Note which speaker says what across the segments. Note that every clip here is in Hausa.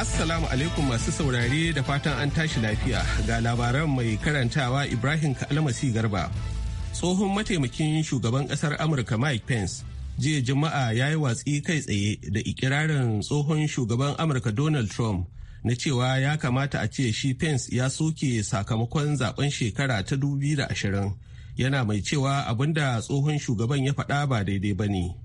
Speaker 1: Assalamu alaikum masu saurare da fatan an tashi lafiya ga labaran mai karantawa Ibrahim Kalmasi Garba. Tsohon mataimakin shugaban kasar Amurka Mike Pence jiya Juma'a ya yi watsi kai tsaye da ikirarin tsohon shugaban Amurka Donald Trump na cewa ya kamata a ce shi Pence ya soke sakamakon zaben shekara ta 2020 yana mai cewa abinda tsohon shugaban ya faɗa ba daidai ba ne.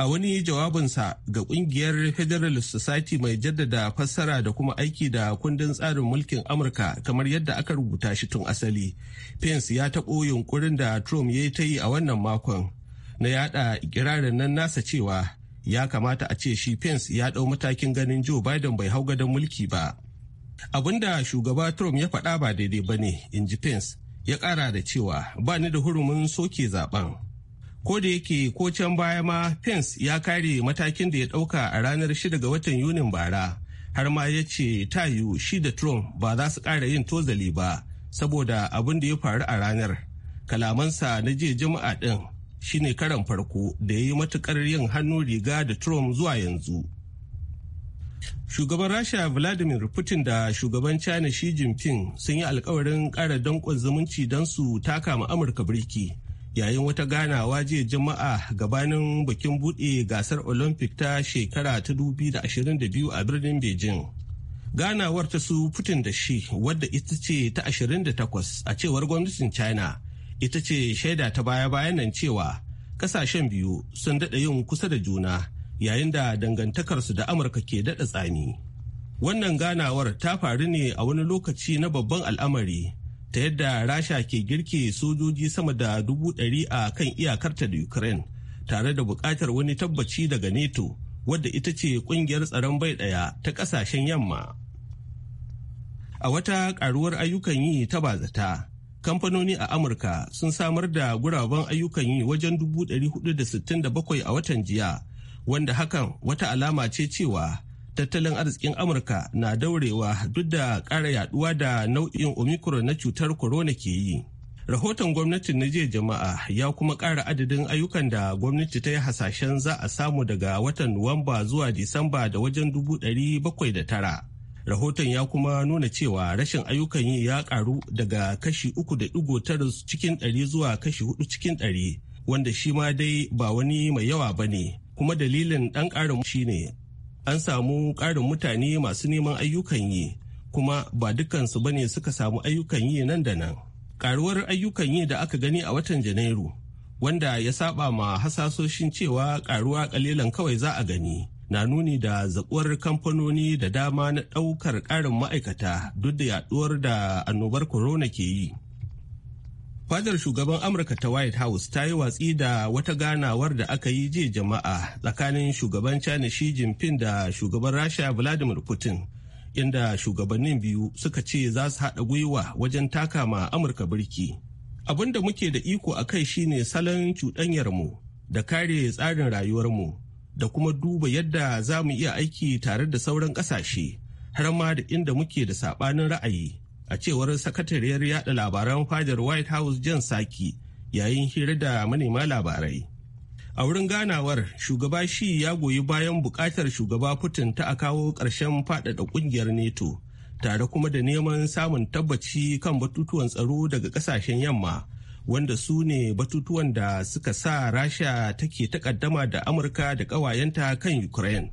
Speaker 1: a wani jawabinsa ga kungiyar federal society mai jaddada fassara da kuma aiki da kundin tsarin mulkin amurka kamar yadda aka rubuta shi tun asali pence ya taɓo yunkurin da trump ya ta yi a wannan makon na yada ikirarin nan nasa cewa ya kamata a ce shi pence ya ɗau matakin ganin joe biden bai hau gadon mulki ba da shugaba trump ya faɗa ba daidai ba ne in ji pence ya ƙara da cewa ba ni da hurumin soke zaben ko da yake ko can baya ma pence ya kare matakin da ya dauka a ranar 6 ga watan yunin bara har ma ya ce tayu shi da trump ba za su kara yin tozali ba saboda abin da ya faru a ranar kalamansa na jiya juma'a din shine karan farko da ya yi matukar yin hannu riga da trump zuwa yanzu shugaban rasha vladimir putin da shugaban china xi jinping sun yi alkawarin kara dankon zumunci don su taka ma amurka birki yayin wata ganawa jiya jama'a gabanin bikin buɗe gasar olympic ta shekara ta 2022 a birnin beijing ganawar ta su putin da shi wadda ita ce ta 28 a cewar gwamnatin china ita ce shaida ta baya-bayan nan cewa kasashen biyu sun daɗa yin kusa da juna yayin da dangantakarsu da amurka ke daɗa tsani wannan ganawar ta faru ne a wani lokaci na babban al'amari ta yadda rasha ke girke sojoji sama da dubu ɗari a kan iyakarta da ukraine tare da buƙatar wani tabbaci daga neto wadda ita ce ƙungiyar tsaron bai ɗaya ta ƙasashen yamma a wata ƙaruwar ayyukan yi ta bazata kamfanoni a amurka sun samar da guraben ayyukan yi wajen da bakwai a watan jiya wanda hakan wata alama ce cewa tattalin arzikin amurka na daurewa duk da ƙara yaduwa da nau'in omicron na cutar corona ke yi rahoton gwamnatin na jiya jama'a ya kuma ƙara adadin ayyukan da gwamnati ta yi hasashen za a samu daga watan nuwamba zuwa disamba da wajen dubu ɗari bakwai da tara rahoton ya kuma nuna cewa rashin ayyukan yi ya ƙaru daga kashi uku da ɗigo tara cikin ɗari zuwa kashi hudu cikin ɗari wanda shi ma dai ba wani mai yawa ba ne kuma dalilin ɗan shi ne. an samu ƙarin mutane masu neman ayyukan yi kuma ba dukansu ba ne suka samu ayyukan yi nan da nan karuwar ayyukan yi da aka gani a watan janairu wanda ya saba ma hasasoshin cewa karuwa kalilan kawai za a gani na nuni da zakuwar kamfanoni da dama na ɗaukar ƙarin ma'aikata duk da yaɗuwar da annobar corona ke yi fadar shugaban amurka ta white house ta yi watsi da wata ganawar da aka yi jiya jama'a tsakanin shugaban china shi jinping da shugaban rasha vladimir putin inda shugabannin biyu suka ce za su haɗa gwiwa wajen taka ma amurka birki abin da muke da iko a kai shine salon cuɗanyarmu da kare tsarin rayuwarmu da kuma duba yadda za mu iya aiki tare da sauran ƙasashe har ma da inda muke da saɓanin ra'ayi a cewar sakatariyar yada labaran fadar white house jan saki yayin hira da manema labarai a wurin ganawar shugaba shi ya goyi bayan bukatar shugaba putin ta a kawo karshen fadada kungiyar neto tare kuma da neman samun tabbaci kan batutuwan tsaro daga kasashen yamma wanda su ne batutuwan da suka sa rasha take takaddama da amurka da ƙawayenta kan ukraine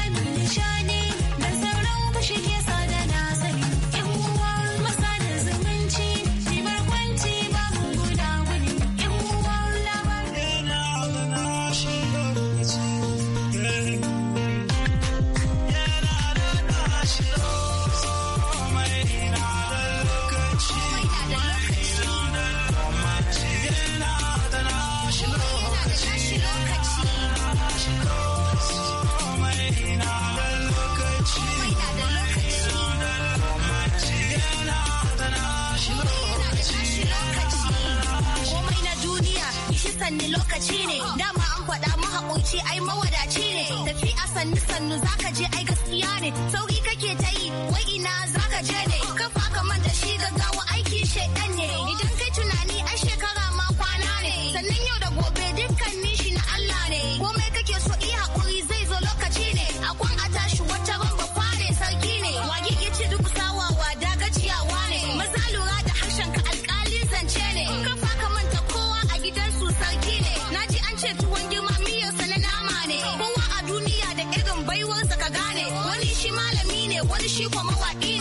Speaker 2: shi kuma kwaɗi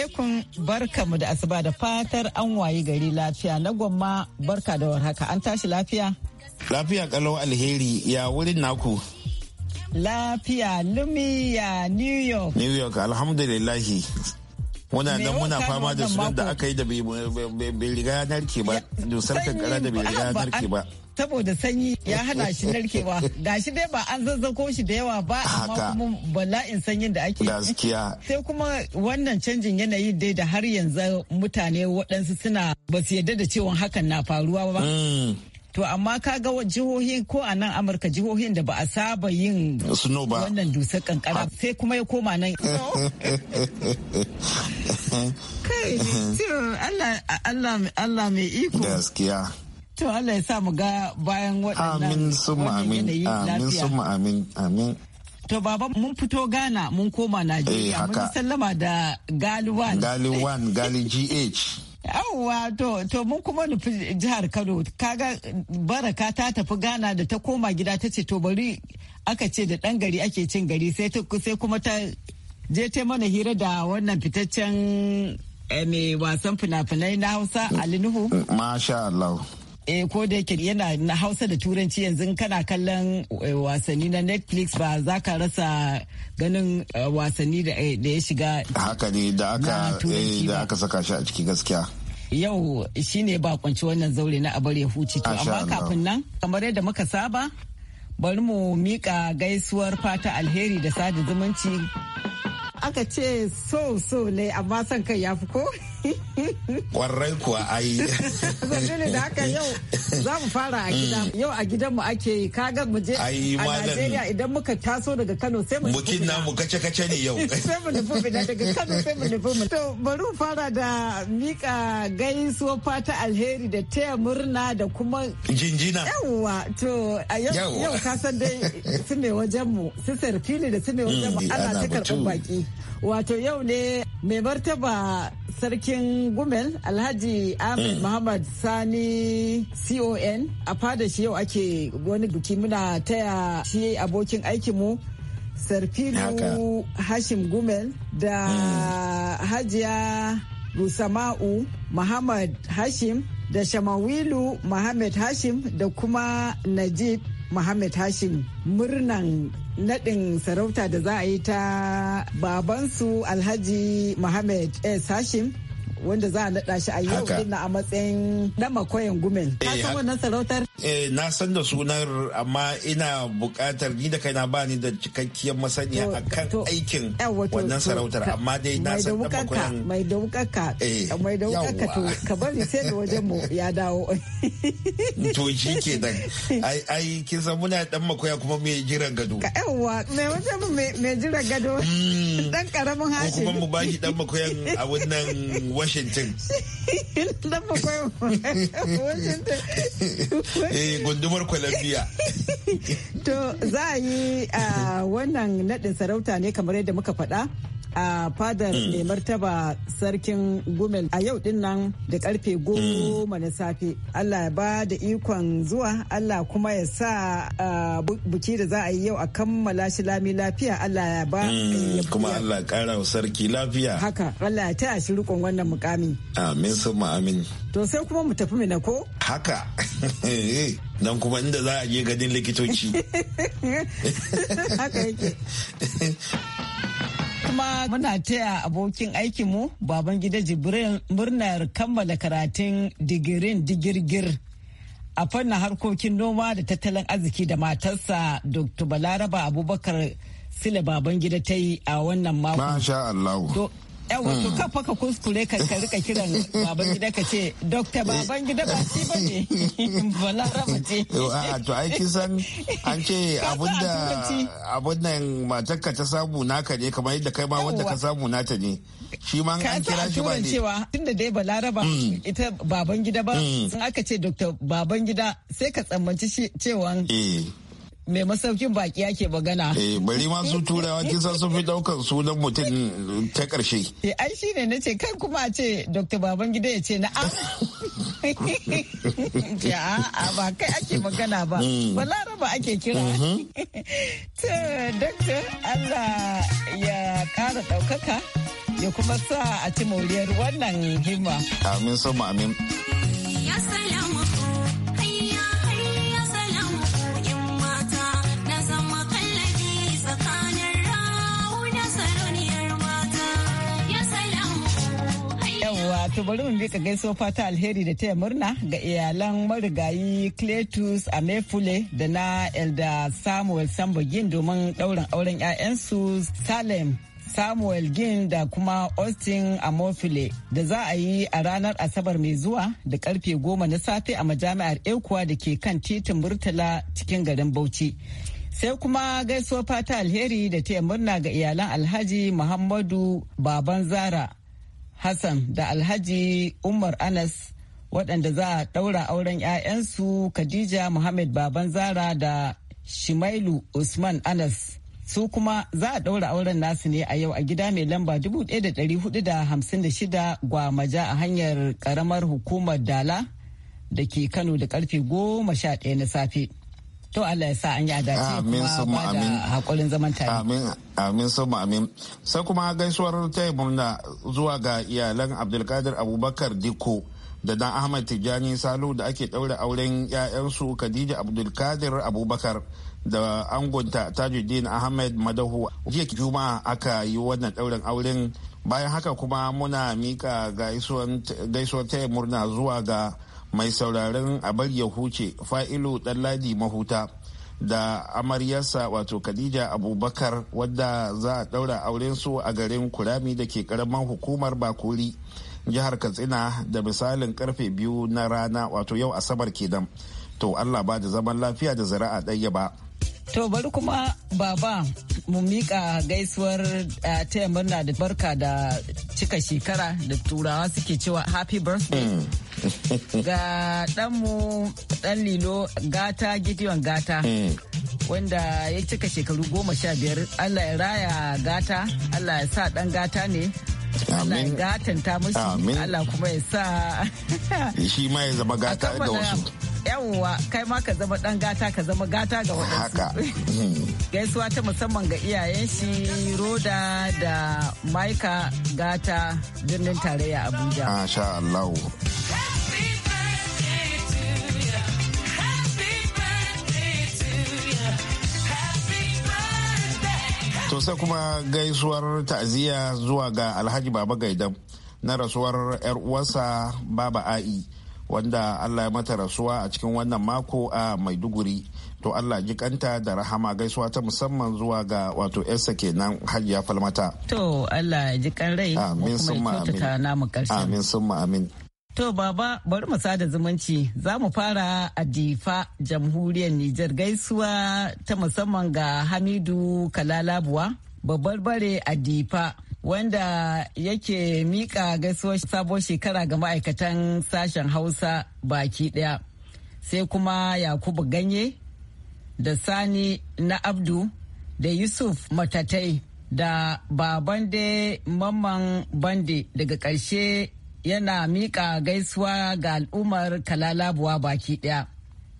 Speaker 3: alaikum barka mu da asuba da fatar an wayi gari lafiya na gwamma barka da warhaka an tashi lafiya?
Speaker 4: Lafiya kalau alheri ya wurin naku.
Speaker 3: Lafiya lumiya New York.
Speaker 4: New York alhamdulillahi. Muna da muna fama da sunan da aka yi da bai riga ya narke ba, dusar kankara da bai riga ya narke ba.
Speaker 3: saboda sanyi ya hana shi narkewa shi dai ba an zazzako shi da yawa ba amma kuma bala'in sanyin da ake gaskiya sai kuma wannan canjin yanayi dai da har yanzu mutane waɗansu suna ba su yarda da cewa hakan na faruwa ba mm. To amma ka ga jihohin ko a nan Amurka jihohin da ba a saba yin wannan dusar kankara sai kuma ya koma nan. Kai, mm-hmm. Allah mai iko. Gaskiya. To Allah ya sa mu ga bayan waɗannan yanayi lafiya.
Speaker 4: Amin amin.
Speaker 3: To baba mun fito Ghana mun koma Najeriya eh, mun sallama da Galiwan. Galiwan
Speaker 4: Gali GH.
Speaker 3: yawwa to to mun kuma nufi jihar kano kaga baraka ta tafi ghana da ta koma gida ta ce to bari aka ce da ɗan gari ake cin gari sai sai kuma ta je ta mana hira da wannan fitaccen eh, mai wasan fina-finai na hausa alinuhu
Speaker 4: masha Allah
Speaker 3: eh ko da yake yana na hausa da turanci yanzu kana kallon eh, wasanni na netflix ba za ka rasa ganin eh, wasanni eh, da ya shiga haka ne da
Speaker 4: aka saka shi a ciki gaskiya
Speaker 3: yau shine ba kwanci wannan zaure na abar ya huce to amma kafin nan kamar yadda muka saba bari mu mika gaisuwar fata alheri da sada zumunci aka ce so so ne amma son kai ya fi ko
Speaker 4: kwarai kuwa yi zangane da haka yau
Speaker 3: za mu fara a gida mm. yau a gidan mu ake yi kaga mu je a Najeriya idan muka taso daga Kano sai mu bukin mu
Speaker 4: kace kace ne yau sai
Speaker 3: mu nufi bida daga Kano sai mu nufi mu to bari mu fara da mika gaisuwa fata alheri da taya murna da kuma jinjina yawwa to yau ka san dai su ne wajen mu su sarfili da su ne wajen mu mm, ana ta karɓar baki wato yau ne mai martaba sarki sarkin gumel alhaji ahmed mm. muhammad sani con a fada shi yau ake wani buki muna taya shi abokin aikinmu sarfilu hashim gumel da mm. hajiya rusama'u muhammad hashim da shamawilu muhammad hashim da kuma najib Muhammad Hashim murnan nadin sarauta da za a yi ta babansu Alhaji Muhammad S. Hashim wanda za a naɗa shi a yau dinna a matsayin dan makoyin gumen. Eh, ka san wannan sarautar?
Speaker 4: Eh na san da sunar amma ina buƙatar ni da kaina ba ni da cikakkiyar masaniya akan aikin wannan sarautar amma dai na san da makoyin.
Speaker 3: Mai da wukakka mai da wukakka eh, to ka bari sai da wajen mu ya dawo.
Speaker 4: To shi ke dan ai ai kin san muna dan makoya kuma mai jiran gado. Ka
Speaker 3: yawa mai wajen mu mai jiran gado. Dan hmm. karamin hashi. Ko kuma mu
Speaker 4: ba shi dan makoyan a wannan washington
Speaker 3: dan bakwai washington
Speaker 4: eh gundumar
Speaker 3: to za a yi wannan nadin sarauta ne kamar yadda muka faɗa a fadar mm. mai martaba sarkin gumel a yau din nan da karfe mm. goma na safe allah ya ba da ikon zuwa allah kuma ya sa buki da za a yi yau a kammala shi lami lafiya allah ya ba
Speaker 4: mm, kuma allah kara sarki lafiya
Speaker 3: haka allah ya taya shi rikon wannan mukami. Amin
Speaker 4: sun amin.
Speaker 3: To sai kuma mu tafi mina ko?
Speaker 4: Haka. Nan kuma inda za a je ganin likitoci.
Speaker 3: Haka yake. kuma muna taya abokin aikinmu baban gida jibrin murnar kammala karatun digirin digirgir a fannin harkokin noma da tattalin arziki da matarsa dr balaraba abubakar sile baban gida ta yi a wannan mako. yawa to hmm. kafa ka kuskure ka rika kiran baban gida ka ce dokta baban gida ba shi ba ne balaraba ce to ai kisan
Speaker 4: an ce abinda abinnan ka ta samu naka ne kamar yadda kai ma wanda ka samu nata ne shi ma an kira shi ba ne cewa
Speaker 3: tunda dai balaraba hmm. ita baban gida ba sun hmm. aka ce dokta baban gida sai ka tsammanci cewa eh. mai masaukin baki yake magana. Eh bari ma su turawa kisa sun
Speaker 4: fi daukan sunan mutum ta karshe.
Speaker 3: Eh ai shine nace ce kai kuma ce Dr. Babangida ya ce na a ba kai ake magana ba. Mm. ba ake kira. Mm-hmm. To Dr. Allah ya kara daukaka ya kuma sa a ci moriyar wannan himma.
Speaker 4: Amin sama amin.
Speaker 2: Ya
Speaker 3: wato bari mu mika gaiso fata alheri da taya murna ga iyalan marigayi Cletus Amefule da na Elda Samuel Sambogin domin ɗaurin auren 'ya'yansu Salem Samuel Gin da kuma Austin Amofile da za a yi a ranar Asabar mai zuwa da karfe goma na safe a majami'ar Ekuwa da ke kan titin Murtala cikin garin Bauchi. Sai kuma gaisuwa fata alheri da taya murna ga iyalan Alhaji Muhammadu Baban Zara Hassan da Alhaji Umar Anas waɗanda za a ɗaura auren 'ya'yansu Khadija Muhammad Baban Zara da Shimailu Usman Anas. Su kuma za a ɗaura auren nasu ne a yau a gida mai lamba 1456 maja a hanyar ƙaramar hukumar Dala da ke Kano da ƙarfe 11 na safe. To Allah ya sa an yi dace kuma ba da hakurin zaman tare. Amin
Speaker 4: amin sun amin. Sai kuma gaisuwar taya murna zuwa ga iyalan Abdulkadir Abubakar Diko da dan Ahmad Tijjani Salu da ake ɗaura auren 'ya'yansu Khadija Abdulkadir Abubakar da angonta Tajuddin Ahmed Madahu. Jiya Juma'a aka yi wannan ɗaurin auren bayan haka kuma muna mika gaisuwar taya murna zuwa ga mai sauraron abar ya huce fa'ilu ɗanladi mahuta da amaryarsa wato khadija abubakar wadda za a ɗaura auren su a garin kurami da ke karamin hukumar bakuri jihar katsina da misalin karfe biyu na rana wato yau asabar kenan to allah ba da zaman lafiya da zara'a ɗaya ba
Speaker 3: To bari kuma baba mu mika gaisuwar uh, taya murna da barka da cika shekara da turawa suke cewa happy birthday. Mm. ga ɗanmu ɗan lilo gata gideon gata hmm. wanda ya cika shekaru goma sha biyar allah ya raya gata allah ya sa ɗan gata ne Allah ya ta musu Allah kuma ya sa
Speaker 4: shi ma ya zama gata da wasu
Speaker 3: yawwa kai ma ka zama dan gata ka zama gata ga waɗansu. Haka.
Speaker 4: Hmm.
Speaker 3: Gaisuwa ta musamman ga iyayen shi Roda da Maika gata birnin tarayya Abuja. Masha Allah.
Speaker 4: to kuma gaisuwar ta'aziyya zuwa ga alhaji baba Gaidan na rasuwar 'yar uwarsa baba a'i wanda allah ya mata rasuwa a cikin wannan mako a maiduguri to allah ji kanta da rahama gaisuwa ta musamman zuwa ga wato yarsa kenan hajiya falmata
Speaker 3: to allah kan rai amin summa amin amin ma amin To baba bari mu sada zumunci za mu fara a difa jamhuriyar Nijar gaisuwa ta musamman ga Hamidu Kalalabuwa babbar bare a difa wanda yake mika gaisuwar sabo shekara ga ma'aikatan sashen Hausa baki daya. Sai kuma Yakubu Ganye da Sani na Abdu da Yusuf Matatai da baban mamman bande daga ƙarshe yana miƙa gaisuwa ga al'ummar kalalabuwa baki ɗaya.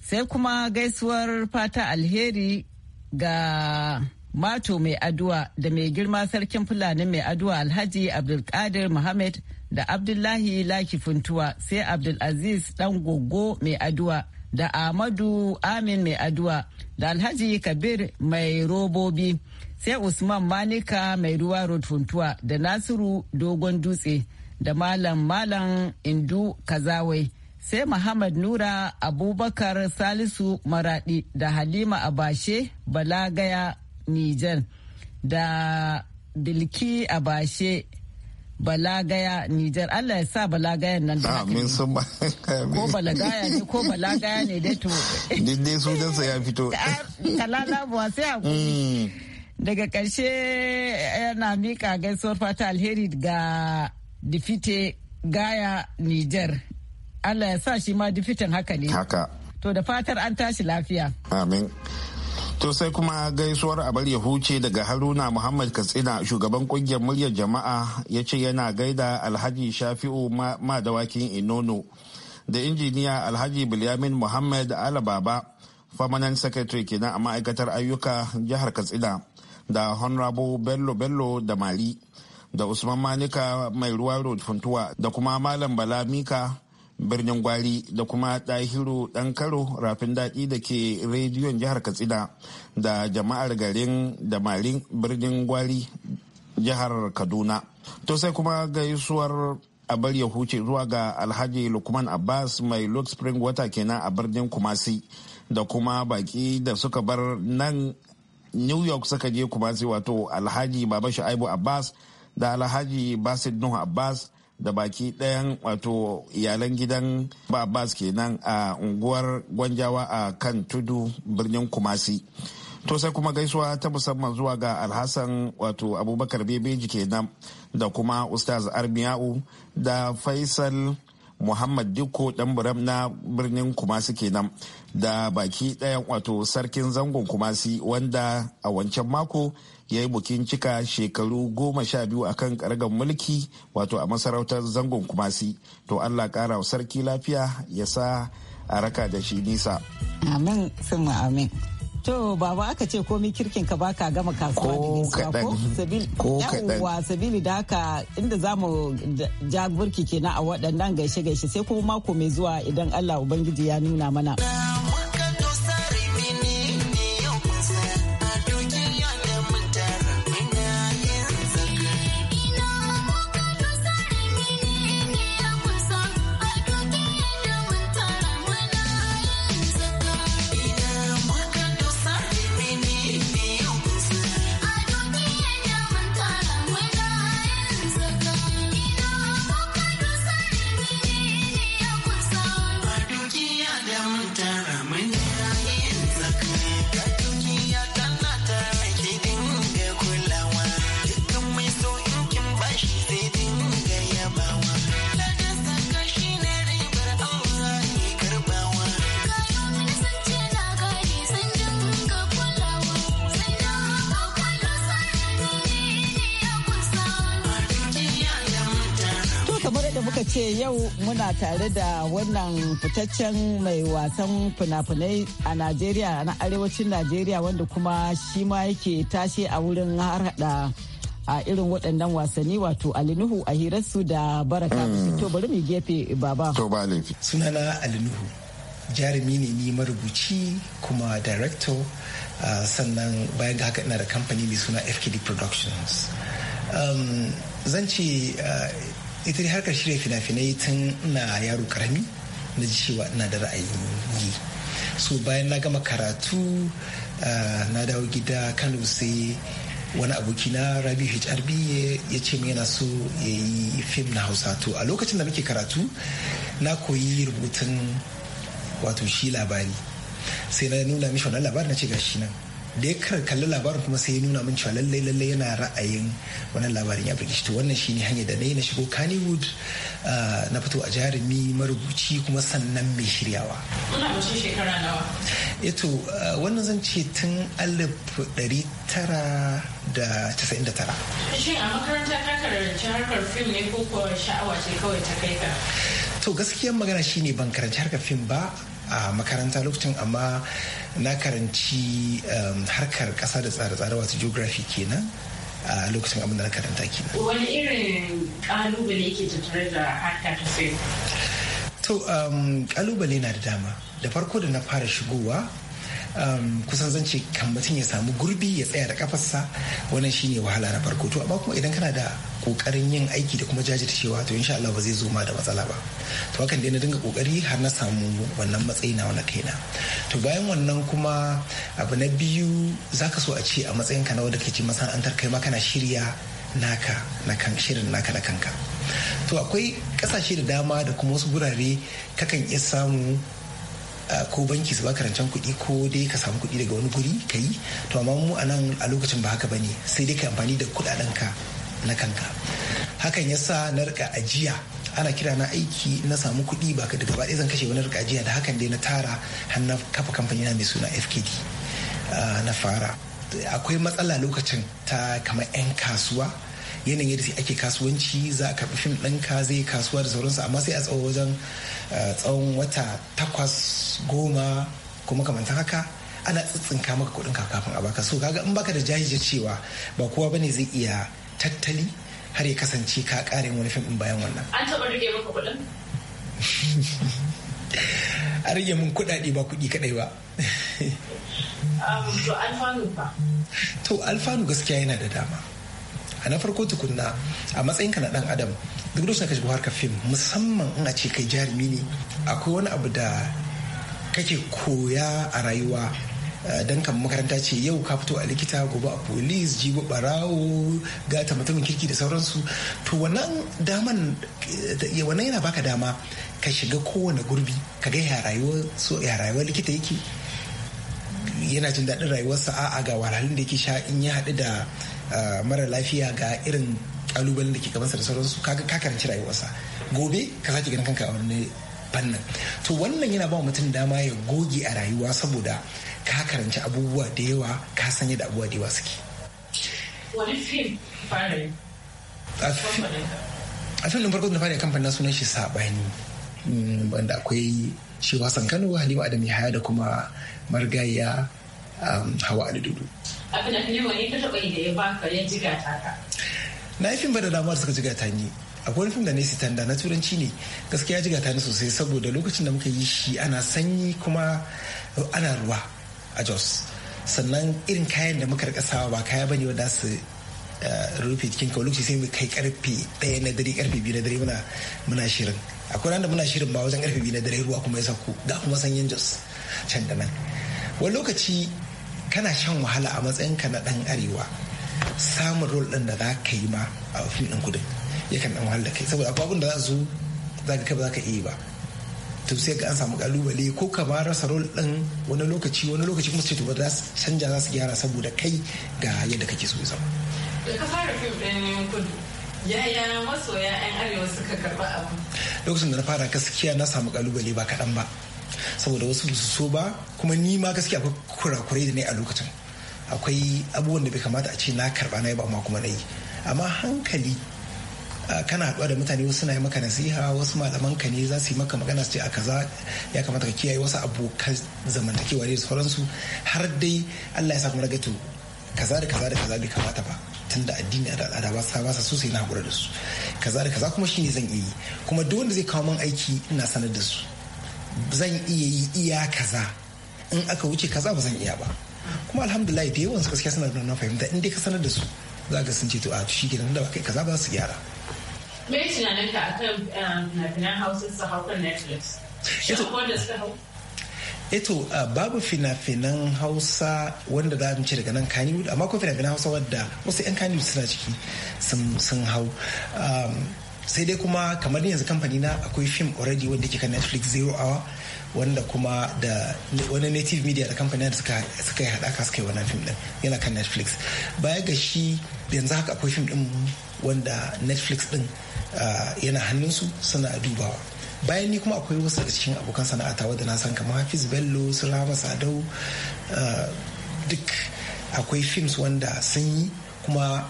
Speaker 3: Sai kuma gaisuwar fata alheri ga mato mai aduwa da mai girma sarkin fulani mai aduwa alhaji abdulkadir muhammad da abdullahi laki funtuwa sai abdulaziz dan gogo mai aduwa da Amadu amin mai aduwa da alhaji kabir mai robobi sai usman manika mai ruwa rotuntuwa da nasiru dogon dutse da Malam Malam Indu Kazawai. Sai Muhammad Nura Abubakar Salisu Maradi da Halima Abashe Balagaya Nijar da Bilki Abashe balagaya Nijar Allah ya sa balagayan nan da Amin
Speaker 4: sun ba. Ko balagaya ne
Speaker 3: ko balagaya ne dai to.
Speaker 4: Diddai su dan sa ya fito.
Speaker 3: Kalala buwa sai a mm. Daga karshe yana mika gaisuwar fata alheri ga difite gaya niger allah ya sa shi ma difitin haka ne haka to da fatar an tashi lafiya
Speaker 4: amin To sai kuma gaisuwar abar ya huce daga Haruna Muhammad Katsina shugaban kungiyar muryar jama'a ya ce yana gaida Alhaji Shafi'u Madawakin Inono da injiniya Alhaji Bilyamin Muhammad Alababa permanent secretary kenan a ma'aikatar ayyuka jihar Katsina da Honorable Bello Bello da Mali da usman manika mai ruwa road funtuwa da kuma malam bala mika birnin gwari da kuma ɗahiru ɗan karo rafin daɗi da ke rediyon jihar katsina da jama'ar garin da malin birnin gwari jihar kaduna to sai kuma gaisuwar a bar ya huce zuwa ga alhaji lukman abbas mai lok spring water kenan a birnin kumasi da kuma baki da suka bar nan new york suka je kumasi wato alhaji baba shu'aibu abbas da alhaji basir nuhu abbas da baki ɗayan wato iyalan gidan ba abbas kenan a unguwar gwanjawa a kan tudu birnin kumasi to sai kuma gaisuwa ta musamman zuwa ga alhassan wato abubakar bebeji kenan da kuma ustaz armiyau da faisal muhammad dikko dan buram na birnin kumasi kenan da baki ɗayan wato sarkin zangon kumasi wanda a wancan mako ya yi bukin cika shekaru goma sha biyu a kan ƙargan mulki wato a masarautar zangon kumasi to allah ƙara wa sarki lafiya ya sa a raka da shi nisa
Speaker 3: amin sun amin To baba aka ce komi kirkin ka baka gama kasuwa da nisa ko? Yawwa sabili da haka inda za mu ja kenan a waɗannan gaishe-gaishe sai kuma mako mai zuwa idan Allah Ubangiji ya nuna mana. muna tare da wannan fitaccen mai wasan fina-finai a Najeriya na arewacin Najeriya wanda kuma shi ma yake tashe a wurin harhaɗa a irin waɗannan wasanni wato alinuhu a hirarsu da baraka mm. to bari mu gefe baba
Speaker 5: to ba sunana alinuhu jarumi ne ni marubuci kuma director sannan bayan ga haka ina da kamfani mai suna fkd productions um, zan ce uh, ita dai harkar shirya fina-finai tun na yaro karami na ji cewa ina da ra'ayi yi so bayan na gama karatu ah, na dawo gida kano sai wani aboki na rabi hrb ya ce min yana so ya yi fim na hausa to a lokacin da muke karatu na koyi rubutun wato shi labari sai na nuna mishi wannan labarin na ce shi nan da ya kalli labarin kuma sai ya nuna min cewa lallai lallai yana ra'ayin wannan labarin ya burge shi to wannan shine hanyar da nayi na shigo Kannywood ah, na fito a jarumi marubuci kuma sannan mai shiryawa
Speaker 3: kuna mutum shekara nawa
Speaker 5: eto eh ah, wannan zan ce tun alif
Speaker 3: shin a makaranta ka karanci harkar fim ne ko sha'awa ce
Speaker 2: kawai ta kai ka
Speaker 5: to gaskiyar magana shine ban karanci harkar fim ba a makaranta lokacin amma na karanci um, harkar ƙasa da tsare-tsare wato geography kenan a lokacin abin da na karanta kenan.
Speaker 3: Wani irin ƙalubale ke tattare
Speaker 6: da harkar ta sai?
Speaker 5: To, um, ƙalubale na da dama. Da farko da na fara shigowa um, kusan zance kan mutum ya samu gurbi ya tsaya da kafarsa wannan shine wahala na farko to amma kuma idan kana da kokarin yin aiki da kuma jajircewa to insha Allah ba zai zo ma da matsala ba to hakan dai na dinga kokari har na samu wannan matsayi na wani kaina to bayan wannan kuma abu na biyu zaka so a ce a matsayin ka na wanda kake masana'antar kai ma kana shirya naka na kan shirin naka na kanka to akwai kasashe da dama da kuma wasu gurare kakan iya samu ko banki su baka rancen kuɗi ko dai ka samu kuɗi daga wani guri ka yi to amma mu a nan a lokacin ba haka ba ne sai dai ka amfani da kuɗaɗen ka na kanka hakan ya sa na rika ajiya ana kira na aiki na samu kuɗi ba ka gaba ɗaya zan kashe wani rika ajiya da hakan dai na tara hannun kafa kamfani na mai suna fkd ah, na fara akwai matsala lokacin ta kamar 'yan kasuwa yanayin yadda sai ake kasuwanci za a karɓi fim ɗinka zai kasuwa da sauransu amma sai a tsawon wajen ah, tsawon wata takwas goma kuma kamantar haka ana tsitsinka maka kuɗin kafin a baka so kaga in baka da jahilci cewa ba kowa bane zai iya tattali har ya kasance ka kare wani fim bayan wannan
Speaker 3: an taɓa rage maka kuɗin
Speaker 5: a rage mun kuɗaɗe ba kuɗi kaɗai ba
Speaker 3: um, to alfanu ka.
Speaker 5: to alfanu gaskiya yana da dama a na farko tukunna a matsayinka na dan adam duk da ka shiga harkar fim musamman in a ce kai jarumi ne akwai wani abu da kake koya a rayuwa Eh, dan kan makaranta ce yau ka fito a likita gobe a police jibi barawo gata mutumin kirki da sauransu to wannan daman eh, wannan yana baka dama ka shiga kowane gurbi ka ga ya rayuwar so ya likita yake yana jin daɗin rayuwarsa a'a ga wahalhalun da yake sha in ya haɗu da eh, mara lafiya ga irin kalubalen da ke gabansa da sauransu kaga ka karanci rayuwarsa gobe ka sake ganin kanka a wani fannin to wannan yana ba mutum dama ya goge a rayuwa saboda ka karanci abubuwa da yawa ka san yadda abubuwa da yawa suke
Speaker 3: wani fim fara a
Speaker 5: filin farko da fara kamfanin sunan shi sabani mm, wanda akwai shi wasan kano halima adam yahaya da kuma margaya um, hawa adudu
Speaker 1: abin da kalima ne ka taɓa yi da
Speaker 3: ya baka ya jiga taka
Speaker 5: na yi fim ba da damar suka jiga ta ni akwai wani fim da ne da na turanci ne gaskiya jiga ta ni sosai saboda lokacin da muka yi shi ana sanyi kuma ana ruwa a jos sannan irin kayan da muka rika sawa ba kaya bane wanda su eh, rufe cikin ka lokaci sai mu kai karfe ɗaya na dare karfe biyu na dare muna muna shirin akwai ranar muna shirin ba wajen karfe biyu na dare ruwa kuma ya sauko ga kuma sanyin jos can da nan wani lokaci kana shan wahala a ka na dan arewa samun rol ɗin da za ka yi ma a fim ɗin kudin yakan ɗan wahala da kai saboda akwai abin da za su za ka ba za ka iya ba to sai ga an samu kalubale ko ka ba rasa rol din wani lokaci wani lokaci kuma su ce to ba za su canja za su gyara saboda kai ga yadda kake so ya zama
Speaker 2: da ka fara fim din kudu yaya masoya yan arewa suka karba abu
Speaker 5: lokacin da na fara gaskiya na samu kalubale ba kaɗan ba saboda wasu su so ba kuma ni ma gaskiya akwai kurakurai da ne a lokacin akwai abubuwan da bai kamata a ce na karba na yaba ba amma kuma na yi amma hankali kana haɗuwa da mutane wasu na yi maka nasiha wasu malaman ka ne za su yi maka magana su ce a kaza ya kamata ka kiyaye wasu abokan zamantakewa da sauransu har dai Allah ya sa kuma ragato kaza da kaza da kaza bai kamata ba tun da addini da al'ada ba sa ba sa so sai na haƙura da su kaza da kaza kuma shi ne zan iya yi kuma duk wanda zai kawo min aiki ina sanar da su zan iya yi iya kaza in aka wuce kaza ba zan iya ba kuma alhamdulillah da yawan su gaskiya suna da nan fahimta in dai ka sanar da su za ka sun ce to a shi kenan da ba kai kaza ba su gyara
Speaker 1: Me tunaninka a akan
Speaker 3: um, fina-finan Hausa su hau kan Netflix? Shi suka hau?
Speaker 5: Eto uh, babu fina-finan Hausa wanda za mu ce daga nan Kannywood amma ko fina-finan Hausa wadda wasu 'yan kani suna ciki sun hau. Um, sai dai kuma kamar yanzu kamfani na akwai fim already wanda ke kan netflix zero hour wanda kuma da wani native media da kamfani da suka yi haɗaka suka yi wannan fim din yana kan netflix baya ga shi yanzu haka akwai fim din wanda netflix din yana hannunsu suna dubawa bayan ni kuma akwai wasu da cikin abokan sana'ata wadda na san kamar hafiz bello su rama sadau duk akwai films wanda sun yi kuma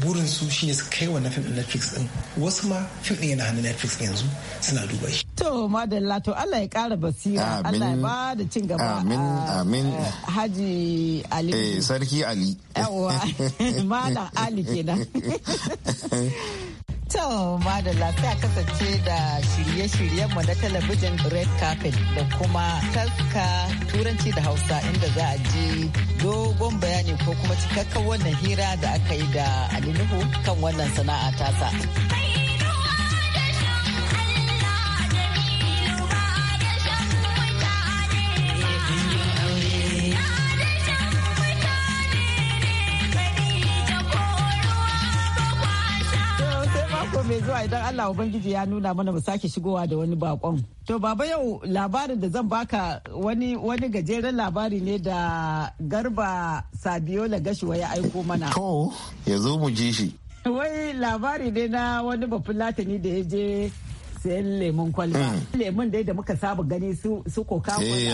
Speaker 5: burinsu shine su kai wannan fim netflix din wasu ma fim din yana hannun netflix yanzu suna duba shi
Speaker 3: to madalla to Allah ya kara basira Allah ya ba da cin gaba amin amin eh, haji ali eh
Speaker 4: sarki ali yawa malam ali
Speaker 3: kenan To, ma lafiya lafiya kasance da shirye shiryen mu na talabijin Red Carpet da kuma taska turanci da Hausa inda za a ji dogon bayani ko kuma cikakken wannan hira da aka yi da Alinuhu kan wannan sana'a tasa. mai zuwa idan Allah Ubangiji ya nuna mana mu sake shigowa da wani bakon. To baba yau labarin da zan baka wani wani gajeren labari ne da Garba Sabiyo Lagashuwa ya aiko mana. Ko
Speaker 4: ya zo mu ji shi.
Speaker 3: Wai labari ne na wani bafin bafulatani da ya je sayan lemon kwalba hmm. lemon dai da muka saba gani su su koka eh,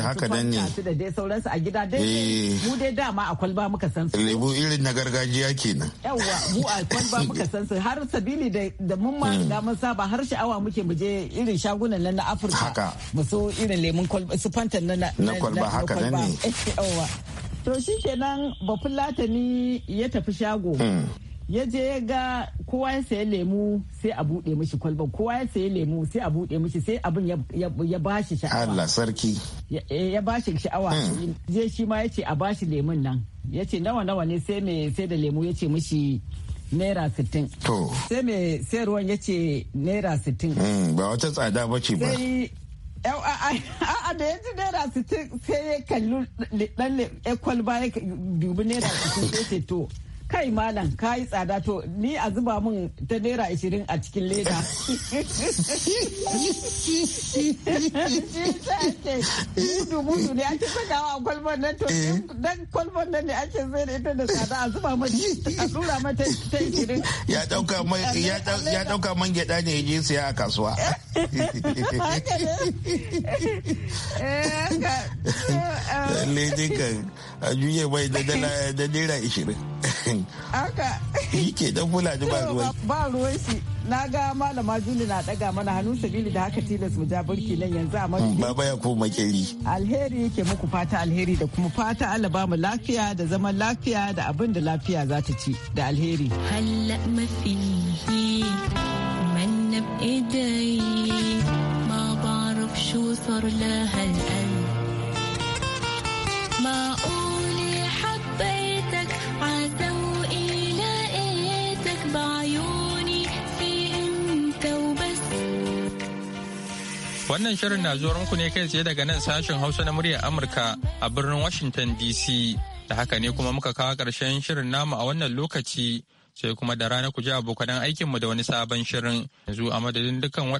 Speaker 3: su da dai sauransu a gida dai eh. mu dai dama a kwalba muka san
Speaker 4: su lebu irin na gargajiya kenan
Speaker 3: yawa mu a kwalba muka san su har sabili da mun ma hmm. da mun saba har sha'awa muke mu je irin shagunan nan na Afirka mu so irin lemon kwalba su fantan na na kwalba haka nan ne yawa To shi kenan fulata ni ya tafi shago. Hmm. ya je ya ga kowa ya sayi lemu sai a buɗe mishi kwalba kowa ya sayi lemu sai a buɗe mishi sai abin ya ba shi sha'awa Allah sarki ya eh, ba shi sha'awa hmm. je shi ma ya ce a ba shi lemun nan ya ce nawa nawa ne sai mai sai da lemu ya ce mishi naira sittin sai mai ruwan ya ce naira sittin
Speaker 4: hmm, ba wata tsada ba ce ba
Speaker 3: a'a da ya ji naira sittin sai ya kalli dan kwalba ya dubi naira sittin sai ce to kai malam ka yi tsada to ni a zuba min ta naira ishirin a cikin leda mudu mudu ne ake sakawa a kwalban nan to eh. dan kwalban nan ne ake zai da ita da tsada a zuba mata a dura mata ta ishirin. ya
Speaker 4: dauka man ya man gyada ne je siya a kasuwa
Speaker 3: eh, eh, lejin kan
Speaker 4: a juye bai da naira ishirin.
Speaker 3: haka yake
Speaker 4: ke dan fulani ba ruwan
Speaker 3: ba ruwan shi na ga malama juli na daga mana hannun sabili da haka tilas mu ja burki nan yanzu a mafi mm, baba ya koma makeri alheri yake muku fata alheri da kuma fata Allah ba mu lafiya da zaman lafiya da abin da lafiya za ta ci da alheri
Speaker 2: halla mafi من بإيدي ما بعرف شو صار لها الآن ما أقول
Speaker 6: Wannan shirin na zuwa muku ne kai tsaye daga nan sashen Hausa na muryar Amurka a birnin Washington DC. Da haka ne kuma muka kawo ƙarshen shirin namu a wannan lokaci sai kuma da rana ku ji abokanan aikinmu da wani sabon shirin yanzu a madadin dukkan waɗanda